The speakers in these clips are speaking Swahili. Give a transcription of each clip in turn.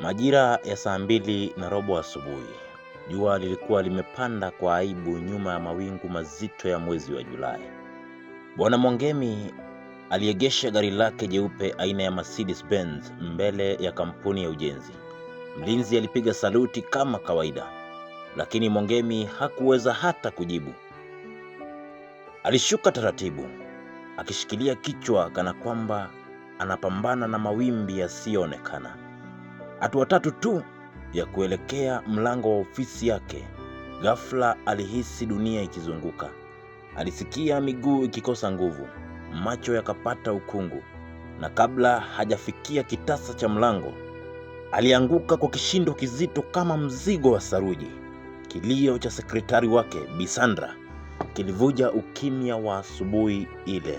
Majira ya saa mbili na robo asubuhi, jua lilikuwa limepanda kwa aibu nyuma ya mawingu mazito ya mwezi wa Julai. Bwana Mwangemi aliegesha gari lake jeupe aina ya Mercedes Benz mbele ya kampuni ya ujenzi. Mlinzi alipiga saluti kama kawaida, lakini Mwangemi hakuweza hata kujibu. Alishuka taratibu akishikilia kichwa kana kwamba anapambana na mawimbi yasiyoonekana hatua tatu tu ya kuelekea mlango wa ofisi yake, ghafla alihisi dunia ikizunguka. Alisikia miguu ikikosa nguvu, macho yakapata ukungu, na kabla hajafikia kitasa cha mlango, alianguka kwa kishindo kizito kama mzigo wa saruji. Kilio cha sekretari wake Bisandra kilivuja ukimya wa asubuhi ile.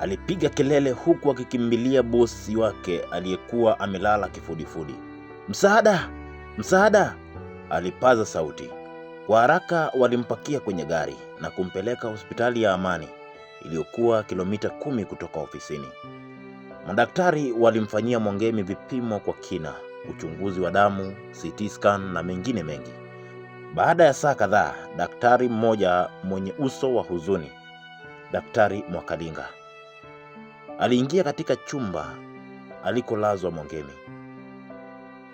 Alipiga kelele huku akikimbilia bosi wake aliyekuwa amelala kifudifudi. Msaada! Msaada! Alipaza sauti. Kwa haraka walimpakia kwenye gari na kumpeleka hospitali ya Amani iliyokuwa kilomita kumi kutoka ofisini. Madaktari walimfanyia Mwangemi vipimo kwa kina, uchunguzi wa damu, CT scan na mengine mengi. Baada ya saa kadhaa, daktari mmoja mwenye uso wa huzuni, Daktari Mwakalinga Aliingia katika chumba alikolazwa Mwangemi,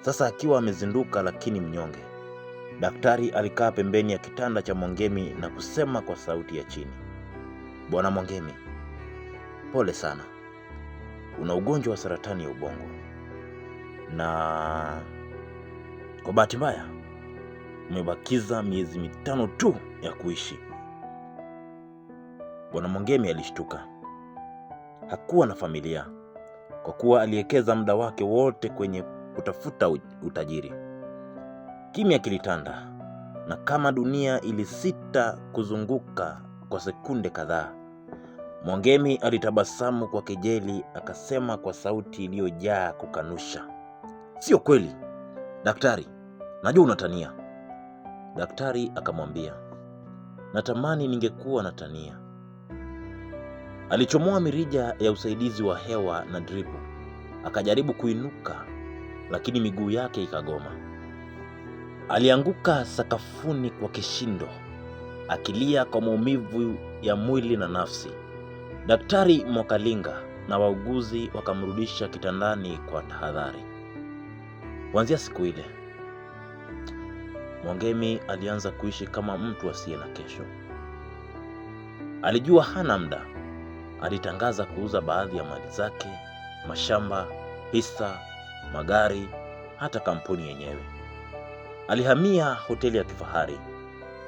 sasa akiwa amezinduka lakini mnyonge. Daktari alikaa pembeni ya kitanda cha Mwangemi na kusema kwa sauti ya chini, Bwana Mwangemi, pole sana, una ugonjwa wa saratani ya ubongo, na kwa bahati mbaya umebakiza miezi mitano tu ya kuishi. Bwana Mwangemi alishtuka hakuwa na familia kwa kuwa aliwekeza muda wake wote kwenye kutafuta utajiri. Kimya kilitanda, na kama dunia ilisita kuzunguka kwa sekunde kadhaa, Mwangemi alitabasamu kwa kejeli, akasema kwa sauti iliyojaa kukanusha, sio kweli daktari, najua unatania. Daktari akamwambia, natamani ningekuwa natania Alichomoa mirija ya usaidizi wa hewa na dripu, akajaribu kuinuka, lakini miguu yake ikagoma. Alianguka sakafuni kwa kishindo, akilia kwa maumivu ya mwili na nafsi. Daktari Mwakalinga na wauguzi wakamrudisha kitandani kwa tahadhari. Kuanzia siku ile, Mwangemi alianza kuishi kama mtu asiye na kesho. Alijua hana muda alitangaza kuuza baadhi ya mali zake, mashamba, hisa, magari, hata kampuni yenyewe. Alihamia hoteli ya kifahari,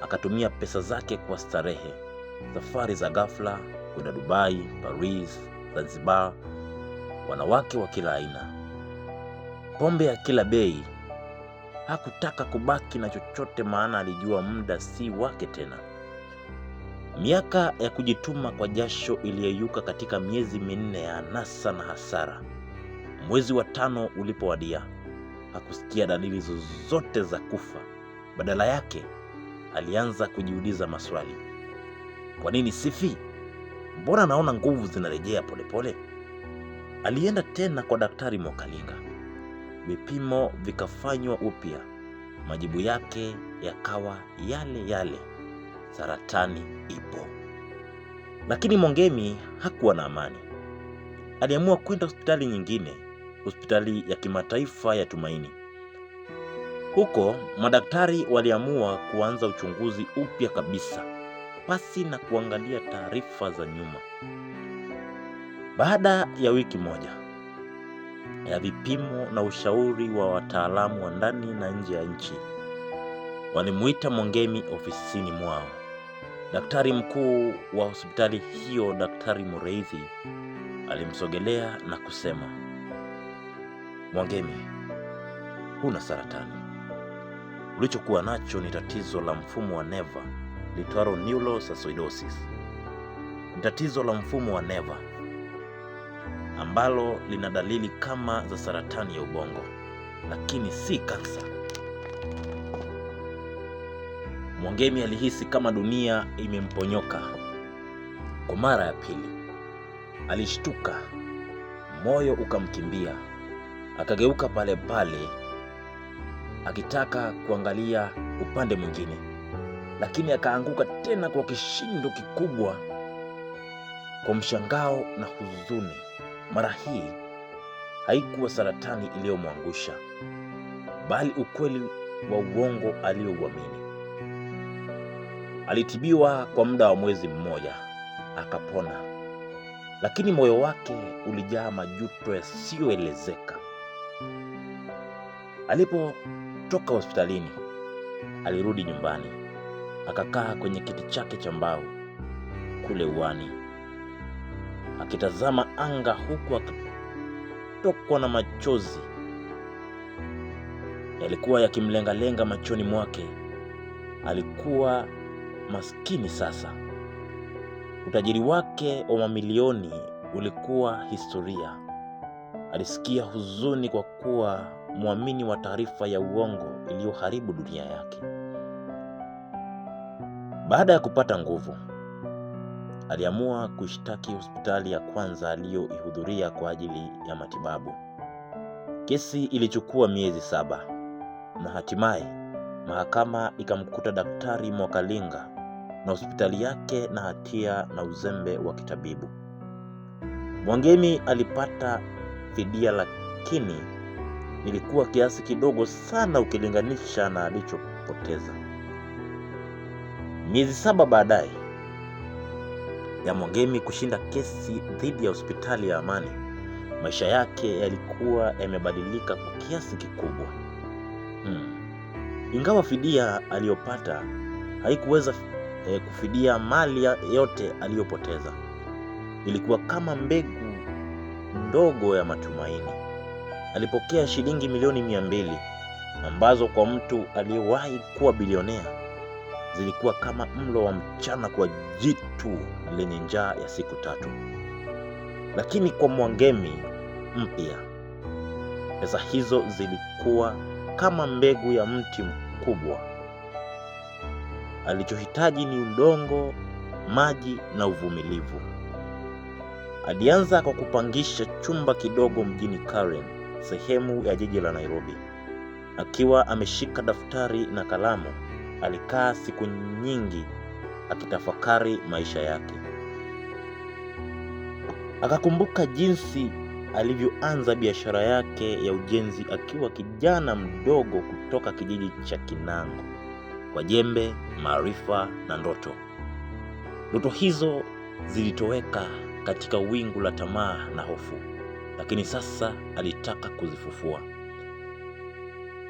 akatumia pesa zake kwa starehe, safari za ghafla kwenda Dubai, Paris, Zanzibar, wanawake wa kila aina, pombe ya kila bei. Hakutaka kubaki na chochote, maana alijua muda si wake tena. Miaka ya kujituma kwa jasho iliyoyuka katika miezi minne ya anasa na hasara. Mwezi wa tano ulipowadia, hakusikia dalili zozote za kufa. Badala yake, alianza kujiuliza maswali. Kwa nini sifi? Mbona naona nguvu zinarejea polepole? Alienda tena kwa Daktari mwakalinga Vipimo vikafanywa upya, majibu yake yakawa yale yale saratani ipo. Lakini Mongemi hakuwa na amani. Aliamua kwenda hospitali nyingine, hospitali ya kimataifa ya Tumaini. Huko madaktari waliamua kuanza uchunguzi upya kabisa, pasi na kuangalia taarifa za nyuma. Baada ya wiki moja ya vipimo na ushauri wa wataalamu wa ndani na nje ya nchi, walimuita Mongemi ofisini mwao. Daktari mkuu wa hospitali hiyo, Daktari Mureithi, alimsogelea na kusema, Mwangemi, huna saratani. Ulichokuwa nacho ni tatizo la mfumo wa neva litwaro neurosacoidosis. Ni tatizo la mfumo wa neva ambalo lina dalili kama za saratani ya ubongo, lakini si kansa. Mwangemi alihisi kama dunia imemponyoka kwa mara ya pili. Alishtuka, moyo ukamkimbia, akageuka pale pale akitaka kuangalia upande mwingine, lakini akaanguka tena kwa kishindo kikubwa, kwa mshangao na huzuni. Mara hii haikuwa saratani iliyomwangusha, bali ukweli wa uongo aliyouamini. Alitibiwa kwa muda wa mwezi mmoja akapona, lakini moyo wake ulijaa majuto yasiyoelezeka. Alipotoka hospitalini, alirudi nyumbani, akakaa kwenye kiti chake cha mbao kule uani, akitazama anga huku akitokwa na machozi yalikuwa yakimlengalenga machoni mwake. Alikuwa maskini sasa. Utajiri wake wa mamilioni ulikuwa historia. Alisikia huzuni kwa kuwa mwamini wa taarifa ya uongo iliyoharibu dunia yake. Baada ya kupata nguvu, aliamua kuishtaki hospitali ya kwanza aliyoihudhuria kwa ajili ya matibabu. Kesi ilichukua miezi saba na hatimaye mahakama ikamkuta Daktari Mwakalinga na hospitali yake na hatia na uzembe wa kitabibu. Mwangemi alipata fidia, lakini ilikuwa kiasi kidogo sana ukilinganisha na alichopoteza. Miezi saba baadaye ya Mwangemi kushinda kesi dhidi ya hospitali ya Amani, maisha yake yalikuwa yamebadilika kwa kiasi kikubwa. Hmm. Ingawa fidia aliyopata haikuweza e, kufidia mali yote aliyopoteza. Ilikuwa kama mbegu ndogo ya matumaini. Alipokea shilingi milioni mia mbili ambazo kwa mtu aliyewahi kuwa bilionea zilikuwa kama mlo wa mchana kwa jitu lenye njaa ya siku tatu, lakini kwa mwangemi mpya pesa hizo zilikuwa kama mbegu ya mti mkubwa Alichohitaji ni udongo, maji na uvumilivu. Alianza kwa kupangisha chumba kidogo mjini Karen, sehemu ya jiji la Nairobi. Akiwa ameshika daftari na kalamu, alikaa siku nyingi akitafakari maisha yake. Akakumbuka jinsi alivyoanza biashara yake ya ujenzi akiwa kijana mdogo kutoka kijiji cha Kinango kwa jembe, maarifa na ndoto. Ndoto hizo zilitoweka katika wingu la tamaa na hofu, lakini sasa alitaka kuzifufua.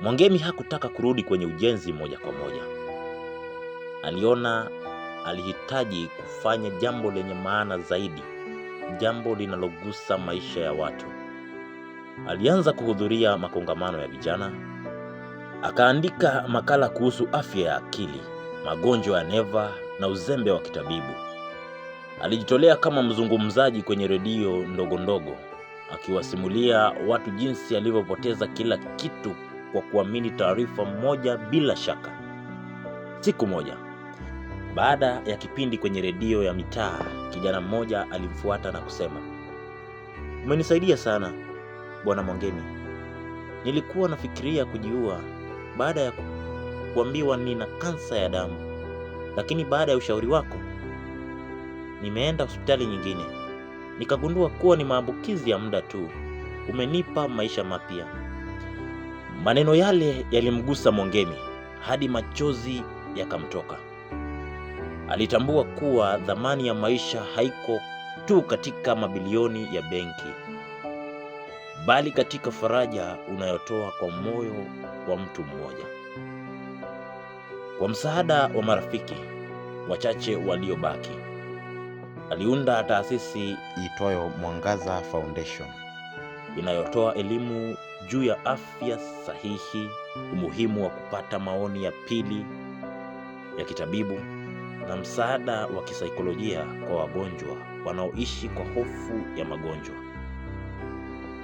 Mwangemi hakutaka kurudi kwenye ujenzi moja kwa moja. Aliona alihitaji kufanya jambo lenye maana zaidi, jambo linalogusa maisha ya watu. Alianza kuhudhuria makongamano ya vijana Akaandika makala kuhusu afya ya akili, magonjwa ya neva na uzembe wa kitabibu. Alijitolea kama mzungumzaji kwenye redio ndogo ndogo, akiwasimulia watu jinsi alivyopoteza kila kitu kwa kuamini taarifa moja bila shaka. Siku moja baada ya kipindi kwenye redio ya mitaa, kijana mmoja alimfuata na kusema, umenisaidia sana Bwana Mwangeni, nilikuwa nafikiria kujiua baada ya kuambiwa nina kansa ya damu, lakini baada ya ushauri wako nimeenda hospitali nyingine nikagundua kuwa ni maambukizi ya muda tu. Umenipa maisha mapya. Maneno yale yalimgusa Mwangemi hadi machozi yakamtoka. Alitambua kuwa dhamani ya maisha haiko tu katika mabilioni ya benki bali katika faraja unayotoa kwa moyo wa mtu mmoja, kwa msaada wa marafiki wachache waliobaki. Aliunda taasisi itoyo Mwangaza Foundation inayotoa elimu juu ya afya sahihi, umuhimu wa kupata maoni ya pili ya kitabibu na msaada wa kisaikolojia kwa wagonjwa wanaoishi kwa hofu ya magonjwa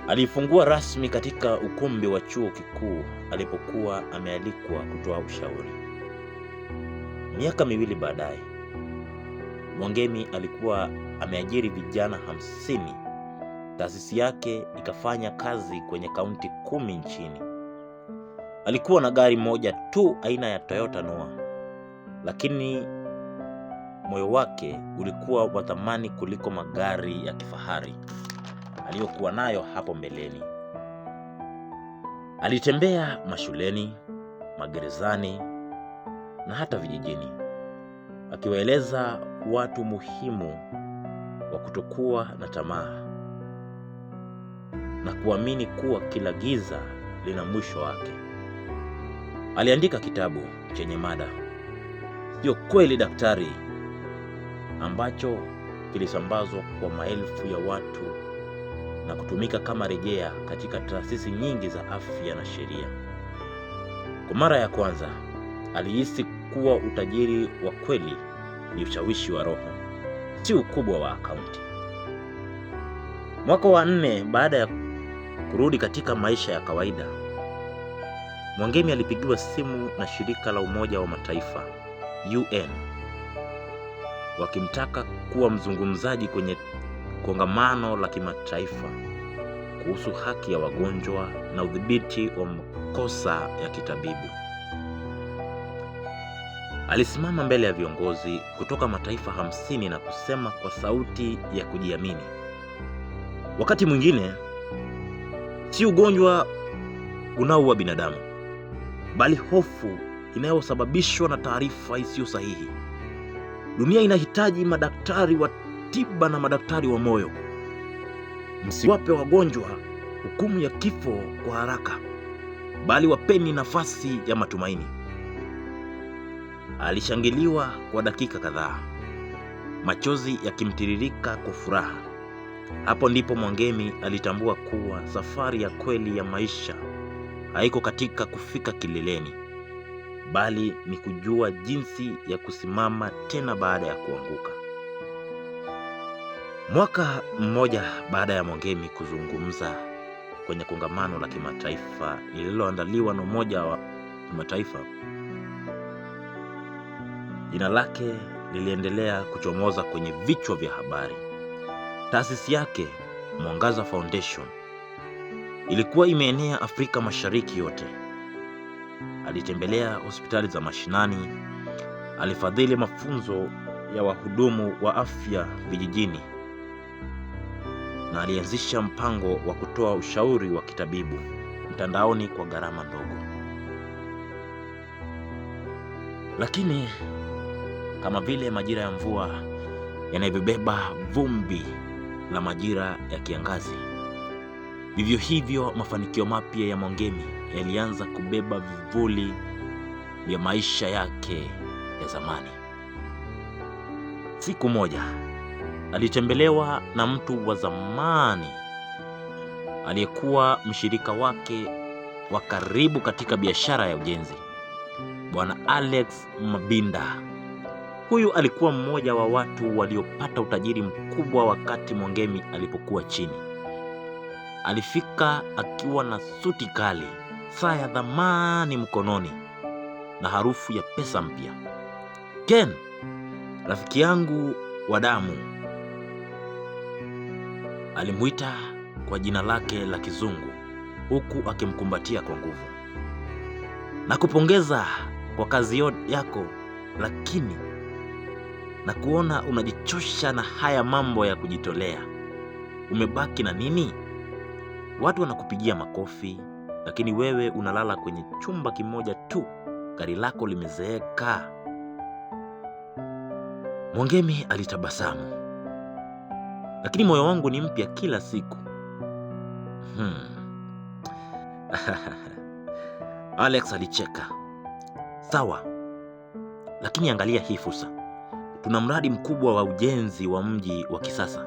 aliifungua rasmi katika ukumbi wa chuo kikuu alipokuwa amealikwa kutoa ushauri. Miaka miwili baadaye, Mwangemi alikuwa ameajiri vijana hamsini. Taasisi yake ikafanya kazi kwenye kaunti kumi nchini. Alikuwa na gari moja tu aina ya Toyota Noah, lakini moyo wake ulikuwa wa thamani kuliko magari ya kifahari aliyokuwa nayo hapo mbeleni. Alitembea mashuleni, magerezani na hata vijijini akiwaeleza watu muhimu wa kutokuwa na tamaa na kuamini kuwa kila giza lina mwisho wake. Aliandika kitabu chenye mada Sio Kweli Daktari, ambacho kilisambazwa kwa maelfu ya watu na kutumika kama rejea katika taasisi nyingi za afya na sheria. Kwa mara ya kwanza alihisi kuwa utajiri wa kweli ni ushawishi wa roho, si ukubwa wa akaunti. Mwaka wa nne baada ya kurudi katika maisha ya kawaida, Mwangemi alipigiwa simu na shirika la Umoja wa Mataifa UN wakimtaka kuwa mzungumzaji kwenye kongamano la kimataifa kuhusu haki ya wagonjwa na udhibiti wa makosa ya kitabibu. Alisimama mbele ya viongozi kutoka mataifa hamsini na kusema kwa sauti ya kujiamini, wakati mwingine si ugonjwa unaoua binadamu, bali hofu inayosababishwa na taarifa isiyo sahihi. Dunia inahitaji madaktari wa tiba na madaktari wa moyo. Msiwape wagonjwa hukumu ya kifo kwa haraka, bali wapeni nafasi ya matumaini. Alishangiliwa kwa dakika kadhaa, machozi yakimtiririka kwa furaha. Hapo ndipo Mwangemi alitambua kuwa safari ya kweli ya maisha haiko katika kufika kileleni, bali ni kujua jinsi ya kusimama tena baada ya kuanguka. Mwaka mmoja baada ya Mwangemi kuzungumza kwenye kongamano la kimataifa lililoandaliwa na Umoja wa Kimataifa, jina lake liliendelea kuchomoza kwenye vichwa vya habari. Taasisi yake Mwangaza Foundation ilikuwa imeenea Afrika Mashariki yote. Alitembelea hospitali za mashinani, alifadhili mafunzo ya wahudumu wa afya vijijini na alianzisha mpango wa kutoa ushauri wa kitabibu mtandaoni kwa gharama ndogo. Lakini kama vile majira ya mvua yanavyobeba vumbi la majira ya kiangazi, vivyo hivyo mafanikio mapya ya Mwangemi yalianza kubeba vivuli vya maisha yake ya zamani. Siku moja alitembelewa na mtu wa zamani aliyekuwa mshirika wake wa karibu katika biashara ya ujenzi, Bwana Alex Mabinda. Huyu alikuwa mmoja wa watu waliopata utajiri mkubwa wakati Mwangemi alipokuwa chini. Alifika akiwa na suti kali, saa ya dhamani mkononi na harufu ya pesa mpya. Ken, rafiki yangu wa damu Alimwita kwa jina lake la kizungu huku akimkumbatia kwa nguvu. Nakupongeza kwa kazi yako, lakini na kuona unajichosha na haya mambo ya kujitolea. Umebaki na nini? Watu wanakupigia makofi, lakini wewe unalala kwenye chumba kimoja tu. Gari lako limezeeka. Mwangemi alitabasamu lakini moyo wangu ni mpya kila siku hmm. Alex alicheka. Sawa, lakini angalia hii fursa. Tuna mradi mkubwa wa ujenzi wa mji wa kisasa.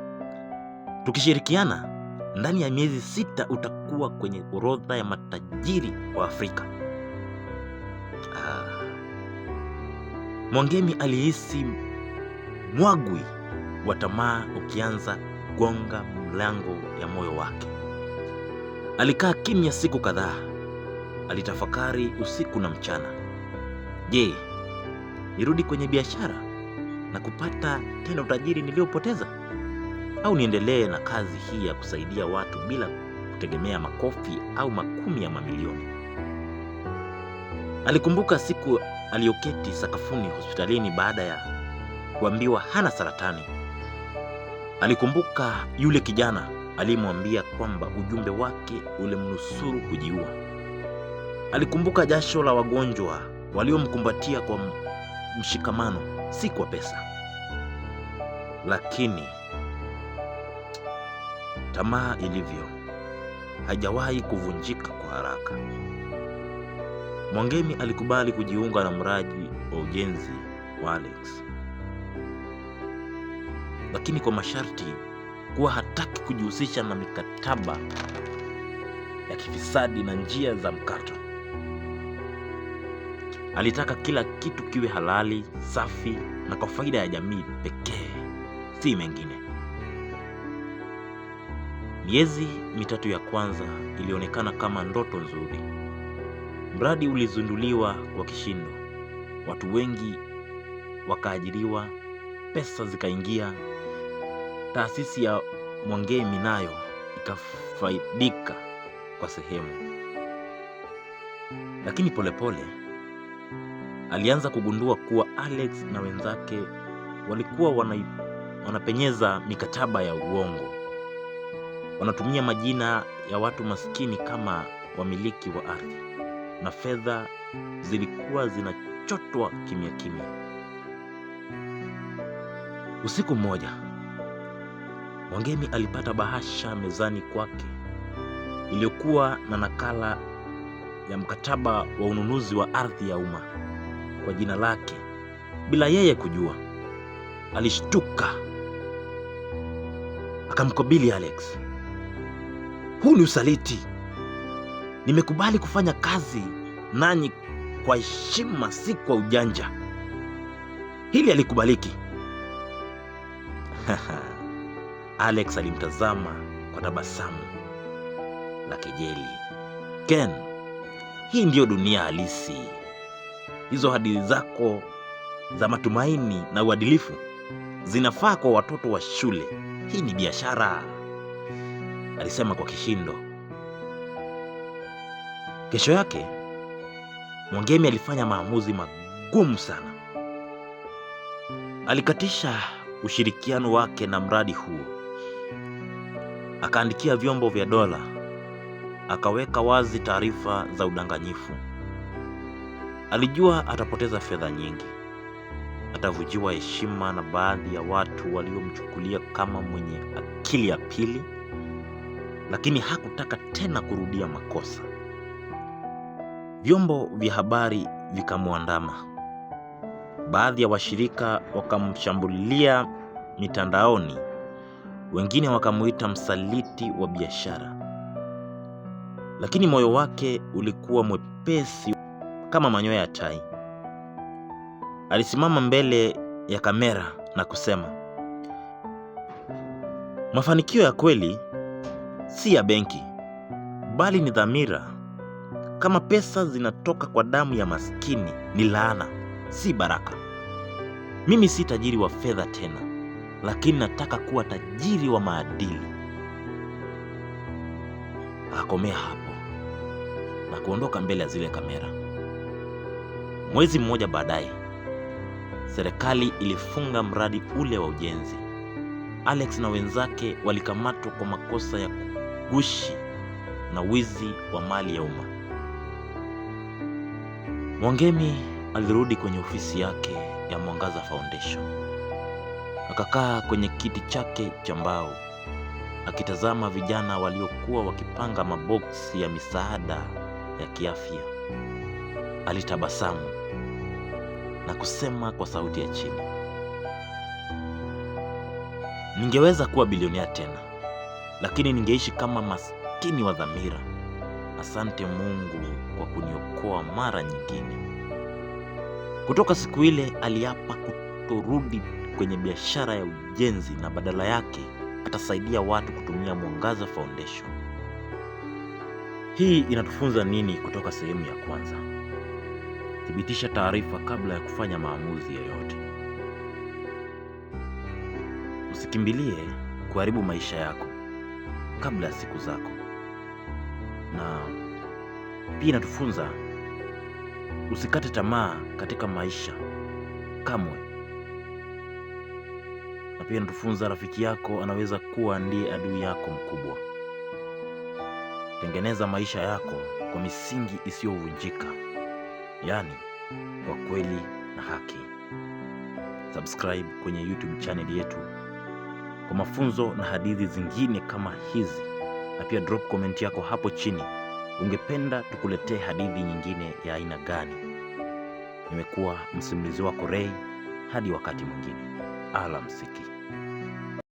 Tukishirikiana, ndani ya miezi sita utakuwa kwenye orodha ya matajiri wa Afrika. Ah. Mwangemi alihisi mwagwi wa tamaa ukianza kugonga mlango ya moyo wake. Alikaa kimya siku kadhaa, alitafakari usiku na mchana. Je, nirudi kwenye biashara na kupata tena utajiri niliyopoteza, au niendelee na kazi hii ya kusaidia watu bila kutegemea makofi au makumi ya mamilioni? Alikumbuka siku aliyoketi sakafuni hospitalini baada ya kuambiwa hana saratani. Alikumbuka yule kijana aliyemwambia kwamba ujumbe wake ulimnusuru kujiua. Alikumbuka jasho la wagonjwa waliomkumbatia kwa mshikamano, si kwa pesa. Lakini tamaa ilivyo, hajawahi kuvunjika kwa haraka. Mwangemi alikubali kujiunga na mradi wa ujenzi wa Alex lakini kwa masharti kuwa hataki kujihusisha na mikataba ya kifisadi na njia za mkato. Alitaka kila kitu kiwe halali, safi na kwa faida ya jamii pekee, si mengine. Miezi mitatu ya kwanza ilionekana kama ndoto nzuri. Mradi ulizinduliwa kwa kishindo, watu wengi wakaajiriwa, pesa zikaingia Taasisi ya Mwangemi nayo ikafaidika kwa sehemu, lakini polepole pole, alianza kugundua kuwa Alex na wenzake walikuwa wana, wanapenyeza mikataba ya uongo, wanatumia majina ya watu maskini kama wamiliki wa ardhi na fedha zilikuwa zinachotwa kimya kimya. Usiku mmoja Mwangemi alipata bahasha mezani kwake iliyokuwa na nakala ya mkataba wa ununuzi wa ardhi ya umma kwa jina lake bila yeye kujua. Alishtuka akamkabili Alex. Huu ni usaliti. Nimekubali kufanya kazi nanyi kwa heshima, si kwa ujanja. Hili alikubaliki. Alex alimtazama kwa tabasamu la kejeli. Ken, hii ndiyo dunia halisi. Hizo hadithi zako za matumaini na uadilifu zinafaa kwa watoto wa shule. Hii ni biashara, alisema kwa kishindo. Kesho yake Mwangemi alifanya maamuzi magumu sana. Alikatisha ushirikiano wake na mradi huo akaandikia vyombo vya dola, akaweka wazi taarifa za udanganyifu. Alijua atapoteza fedha nyingi, atavujiwa heshima na baadhi ya watu waliomchukulia kama mwenye akili ya pili, lakini hakutaka tena kurudia makosa. Vyombo vya habari vikamwandama, baadhi ya washirika wakamshambulia mitandaoni wengine wakamuita msaliti wa biashara, lakini moyo wake ulikuwa mwepesi kama manyoya ya tai. Alisimama mbele ya kamera na kusema, mafanikio ya kweli si ya benki, bali ni dhamira. Kama pesa zinatoka kwa damu ya maskini, ni laana, si baraka. Mimi si tajiri wa fedha tena lakini nataka kuwa tajiri wa maadili. Akakomea hapo na kuondoka mbele ya zile kamera. Mwezi mmoja baadaye, serikali ilifunga mradi ule wa ujenzi. Alex na wenzake walikamatwa kwa makosa ya kugushi na wizi wa mali ya umma. Mwangemi alirudi kwenye ofisi yake ya Mwangaza Foundation. Akakaa kwenye kiti chake cha mbao akitazama vijana waliokuwa wakipanga maboksi ya misaada ya kiafya. Alitabasamu na kusema kwa sauti ya chini, ningeweza kuwa bilionea tena, lakini ningeishi kama maskini wa dhamira. Asante Mungu kwa kuniokoa mara nyingine. Kutoka siku ile aliapa kutorudi kwenye biashara ya ujenzi na badala yake atasaidia watu kutumia Mwangaza Foundation. Hii inatufunza nini kutoka sehemu ya kwanza? Thibitisha taarifa kabla ya kufanya maamuzi yoyote. Usikimbilie kuharibu maisha yako kabla ya siku zako, na pia inatufunza usikate tamaa katika maisha kamwe na pia inatufunza rafiki yako anaweza kuwa ndiye adui yako mkubwa. Tengeneza maisha yako kwa misingi isiyovunjika, yaani kwa kweli na haki. Subscribe kwenye YouTube channel yetu kwa mafunzo na hadithi zingine kama hizi, na pia drop comment yako hapo chini, ungependa tukuletee hadithi nyingine ya aina gani? Nimekuwa msimulizi wako Ray, hadi wakati mwingine. alamsiki.